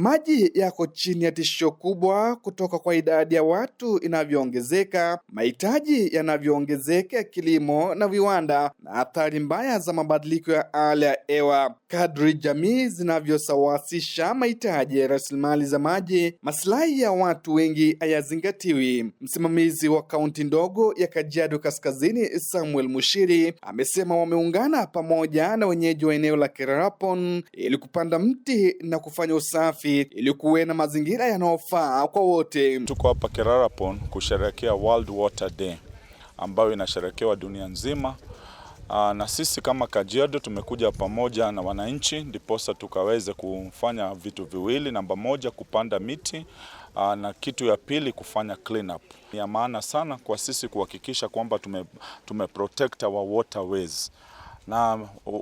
Maji yako chini ya tishio kubwa kutoka kwa idadi ya watu inavyoongezeka, mahitaji yanavyoongezeka ya kilimo na viwanda, na athari mbaya za mabadiliko ya hali ya hewa. Kadri jamii zinavyosawasisha mahitaji ya rasilimali za maji, maslahi ya watu wengi hayazingatiwi. Msimamizi wa kaunti ndogo ya Kajiado Kaskazini, Samuel Mushiri, amesema wameungana pamoja na wenyeji wa eneo la Kerarapon ili kupanda mti na kufanya usafi safi ili kuwe na mazingira yanayofaa kwa wote. Tuko hapa Kerarapon kusherehekea World Water Day ambayo inasherehekewa dunia nzima. Aa, ah, na sisi kama Kajiado tumekuja pamoja na wananchi ndiposa tukaweze kufanya vitu viwili. Namba moja kupanda miti aa, ah, na kitu ya pili kufanya clean up. Ni ya maana sana kwa sisi kuhakikisha kwamba tume, tume protect our waterways na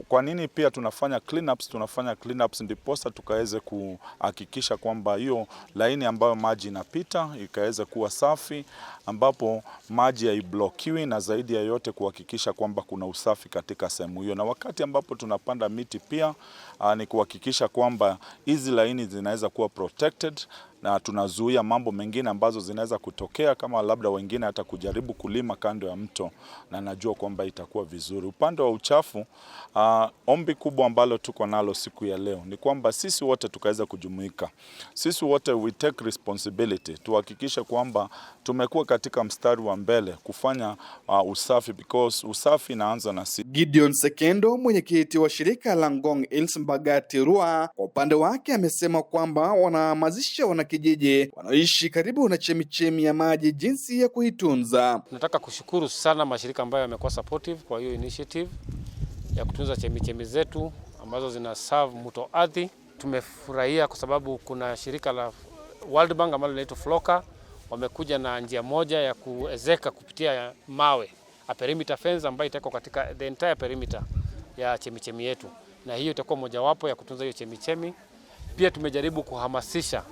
kwa nini pia tunafanya cleanups? Tunafanya cleanups ndiposa tukaweze kuhakikisha kwamba hiyo laini ambayo maji inapita ikaweze kuwa safi, ambapo maji haiblokiwi, na zaidi ya yote kuhakikisha kwamba kuna usafi katika sehemu hiyo. Na wakati ambapo tunapanda miti pia ah, ni kuhakikisha kwamba hizi laini zinaweza kuwa protected na tunazuia mambo mengine ambazo zinaweza kutokea kama labda wengine hata kujaribu kulima kando ya mto, na najua kwamba itakuwa vizuri. Upande wa uchafu, uh, ombi kubwa ambalo tuko nalo siku ya leo ni kwamba sisi wote tukaweza kujumuika, sisi wote we take responsibility, tuhakikishe kwamba tumekuwa katika mstari wa mbele kufanya uh, usafi because usafi inaanza na sisi. Gideon Sekendo, mwenyekiti wa shirika la Ngong Hills Mbagati Rua, kwa upande wake amesema kwamba wanahamasisha wana kijiji wanaoishi karibu na chemichemi ya maji, jinsi ya kuitunza. nataka kushukuru sana mashirika ambayo yamekuwa supportive kwa hiyo initiative ya kutunza chemichemi zetu ambazo zina serve mto ardhi. Tumefurahia kwa sababu kuna shirika la World Bank ambalo linaitwa Floka wamekuja na njia moja ya kuezeka kupitia mawe a perimeter fence ambayo itakuwa katika the entire perimeter ya chemichemi yetu, na hiyo itakuwa mojawapo ya kutunza hiyo chemichemi. Pia tumejaribu kuhamasisha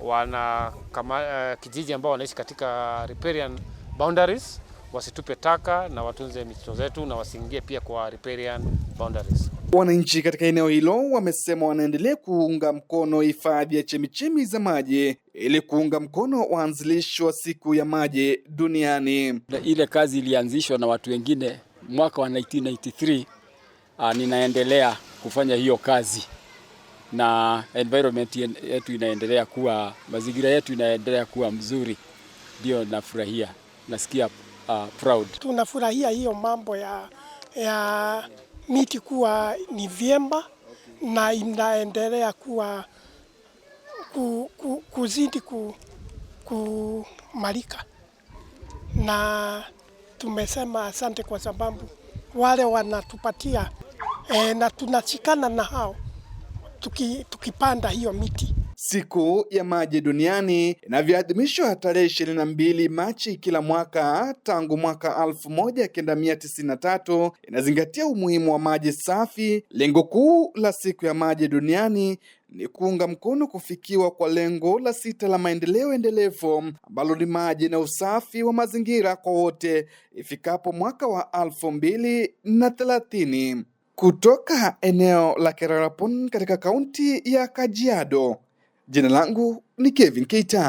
wana kama, uh, kijiji ambao wanaishi katika riparian boundaries wasitupe taka na watunze mito zetu na wasiingie pia kwa riparian boundaries. Wananchi katika eneo hilo wamesema wanaendelea kuunga mkono hifadhi ya chemichemi za maji ili kuunga mkono waanzilishi wa siku ya maji duniani. Ile kazi ilianzishwa na watu wengine mwaka wa 1993. Ah, ninaendelea kufanya hiyo kazi na environment yetu inaendelea kuwa, mazingira yetu inaendelea kuwa mzuri, ndio nafurahia, nasikia uh, proud. Tunafurahia hiyo mambo ya, ya miti kuwa ni vyemba na inaendelea kuwa ku, ku, kuzidi ku, kumalika na tumesema asante kwa sababu wale wanatupatia e, na tunashikana na hao tuki, tukipanda hiyo miti. Siku ya maji duniani inavyoadhimishwa tarehe ishirini na mbili Machi kila mwaka tangu mwaka 1993 inazingatia umuhimu wa maji safi. Lengo kuu la siku ya maji duniani ni kuunga mkono kufikiwa kwa lengo la sita la maendeleo endelevu ambalo ni maji na usafi wa mazingira kwa wote ifikapo mwaka wa elfu mbili na thelathini kutoka eneo la Kererapon katika kaunti ya Kajiado. Jina langu ni Kevin Keita.